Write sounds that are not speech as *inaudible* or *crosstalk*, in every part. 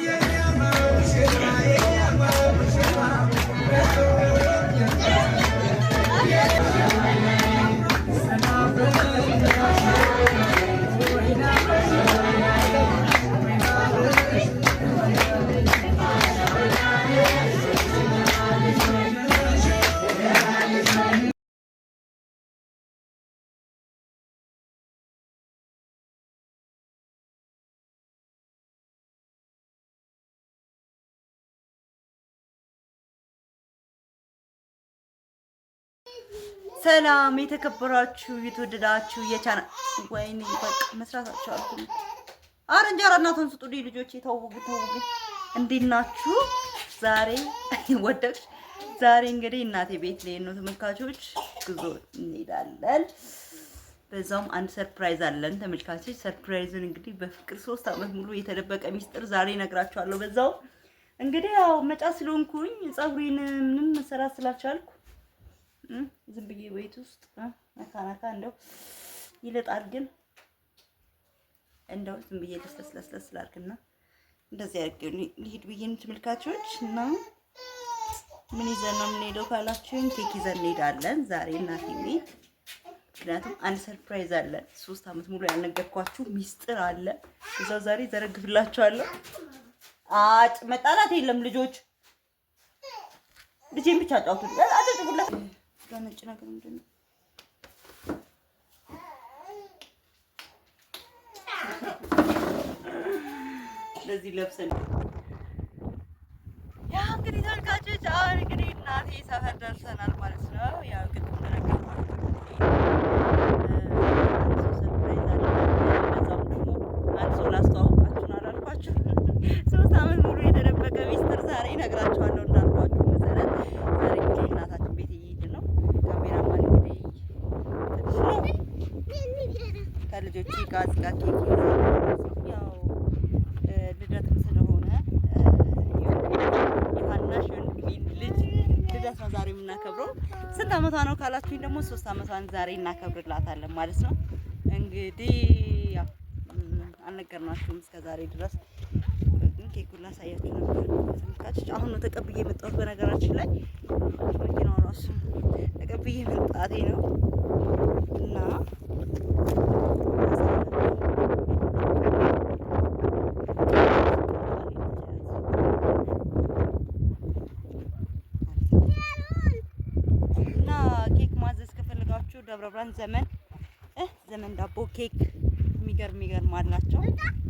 Yeah. ሰላም የተከበራችሁ የተወደዳችሁ የቻና ወይኔ በቃ መስራታችሁ አልኩም። አረ እንጀራ እናቷን ስጡልኝ ልጆች። የታወጉ ታወጉ። እንዴት ናችሁ? ዛሬ *laughs* ወደቅሽ። ዛሬ እንግዲህ እናቴ ቤት ላይ ነው ተመልካቾች፣ ጉዞ እንሄዳለን። በዛውም አንድ ሰርፕራይዝ አለን ተመልካቾች። ሰርፕራይዙን እንግዲህ በፍቅር ሶስት አመት ሙሉ የተደበቀ ሚስጥር ዛሬ እነግራችኋለሁ። በዛው እንግዲህ ያው መጫ ስለሆንኩኝ ፀጉሬን ምንም መሰራት ስላልቻልኩ ዝም ብዬ ቤት ውስጥ ነካ ነካ እንደው ይልጣል፣ ግን እንደው ዝም ብዬ ለስለስለስለስ ስላልክና እንደዚህ አድርጌው ሊሄድ ብዬ ነው ተመልካቾች። እና ምን ይዘን ነው የምንሄደው ካላችሁኝ፣ ኬክ ይዘን እንሄዳለን ዛሬ እናቴ ቤት። ምክንያቱም አንድ ሰርፕራይዝ አለ፣ ሶስት አመት ሙሉ ያልነገርኳችሁ ሚስጥር አለ። እዛው ዛሬ ዘረግፍላችኋለሁ። አጭ መጣላት የለም ልጆች፣ ልጄን ብቻ አጭ ጭቡላ ጋር ነጭ ነገር ምንድን ነው? እንደዚህ ለብሰን ያ እንግዲህ ተመልካቾች፣ አሁን እንግዲህ እናቴ ሰፈር ደርሰናል ማለት ነው። ያው ግን ተነገርኳችሁ ከልጆች ጋዝ ጋር ያው ስለሆነ ልጅ ልደት ነው ዛሬ የምናከብረው። ስንት አመቷ ነው ካላችሁኝ ደግሞ ሶስት አመቷን ዛሬ እናከብርላታለን ማለት ነው። እንግዲህ ያው አልነገርናችሁም እስከ ዛሬ ድረስ ኬኩን ላሳያችሁ ነው ተመልካቾች አሁን ነው ተቀብዬ የመጣሁት። በነገራችን ላይ መኪናው ራሱ ተቀብዬ መምጣቴ ነው እና እና ኬክ ማዘዝ ከፈልጋችሁ ደብረ ብርሃን ዘመን ዘመን ዳቦ ኬክ የሚገርም የሚገርም አላቸው።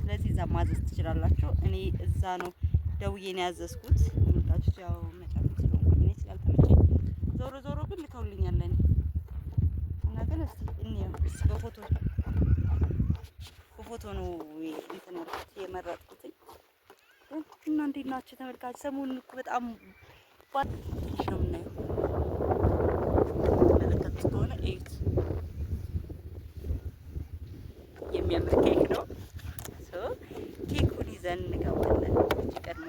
ስለዚህ እዛ ማዘዝ ትችላላችሁ። እኔ እዛ ነው ደውዬ ነው ያዘዝኩት። ምጣችሁ ያው መጫን ስለሆንኩኝ ነው ስላልተመቸኝ፣ ዞሮ ዞሮ ግን ልከውልኛል እኔ እና ግን እስቲ እንየው በፎቶ በፎቶ ነው እንትን ያልኩት የመረጥኩት። እና እንዴት ናችሁ ተመልካች? ሰሞኑን እኮ በጣም ነው የምናየው መለከት ከሆነ ኤት የሚያምር ኬክ ይዘን እንገባለን። ቀድሞ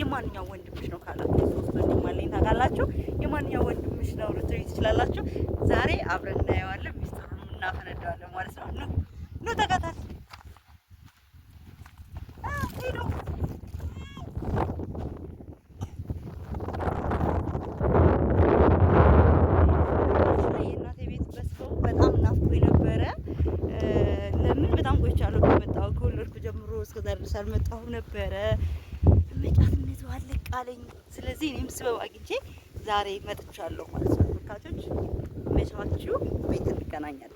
የማንኛው ወንድምሽ ነው ካላችሁ ሶስት ወንድም አለኝ ታውቃላችሁ። የማንኛው ወንድምሽ ነው ልትሉኝ ትችላላችሁ። ዛሬ አብረን እናየዋለን። አልመጣሁም ነበረ። መጫትነቱ አለኝ። ስለዚህ እኔም ስበብ አግኝቼ ዛሬ መጥቻለሁ ማለት ነው። ተመልካቾች መቻችሁ ቤት እንገናኛለን።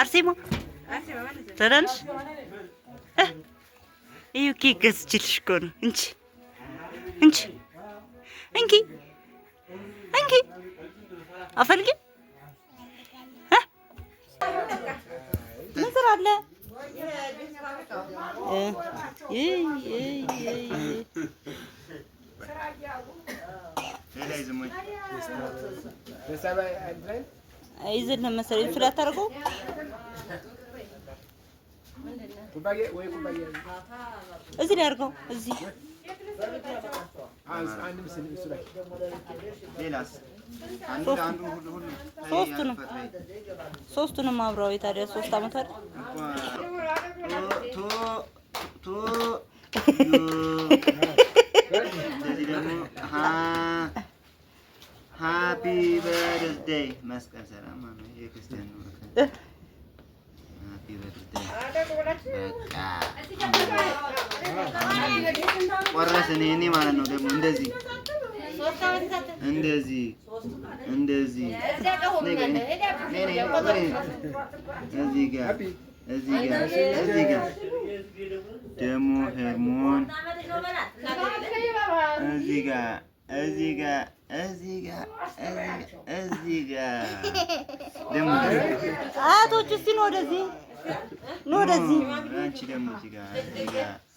አርሴማ ደህና ነሽ? ኬክ ገዝቼልሽ እኮ ነው እንጂ እንቺ እንኪ እንኪ አፈልጊ ምን ስራ አለ? ይዝልህ መሰለኝ ስላታደርገው እዚህ ላይ አድርገው እዚህ Sostunu. Sostunu mavro itare sosta mutar. Tu tu tu ha Happy birthday. Mas kasar ama ya Christian Happy birthday. Baka. ቆረስን። ይሄኔ ማለት ነው ደግሞ እንደዚህ እንደዚህ እንደዚህ እዚህ ጋር እዚህ ጋር እዚህ ጋር ደግሞ ሄርሞን እዚህ ጋር እዚህ ጋር እዚህ ጋር እዚህ ጋር ደግሞ አያቶች እስኪ ነው ወደዚህ ነው ወደዚህ አንቺ ደግሞ እዚህ ጋር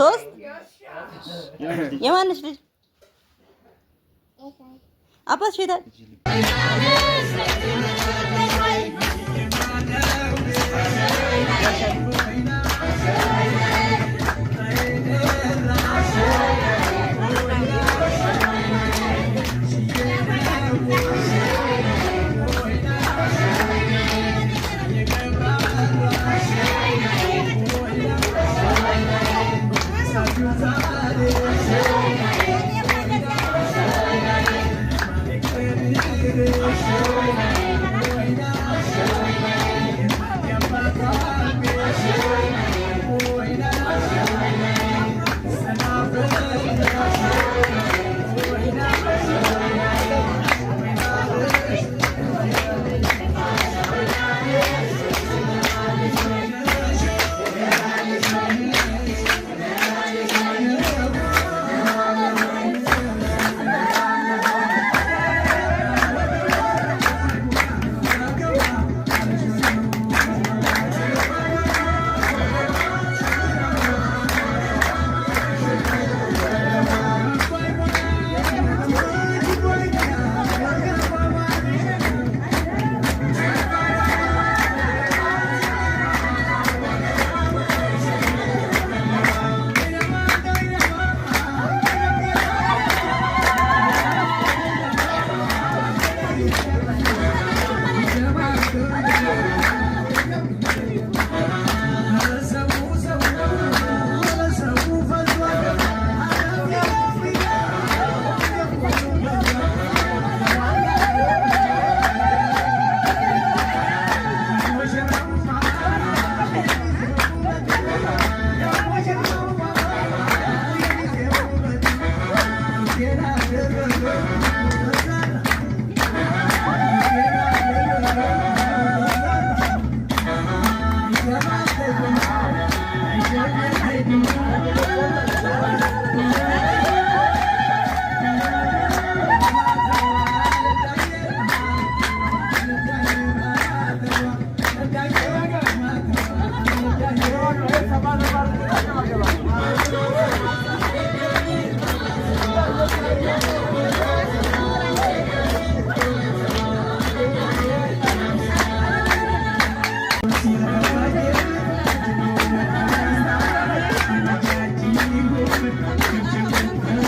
ሶስት የማንሽ ልጅ አባት የታል?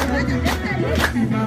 Thank you.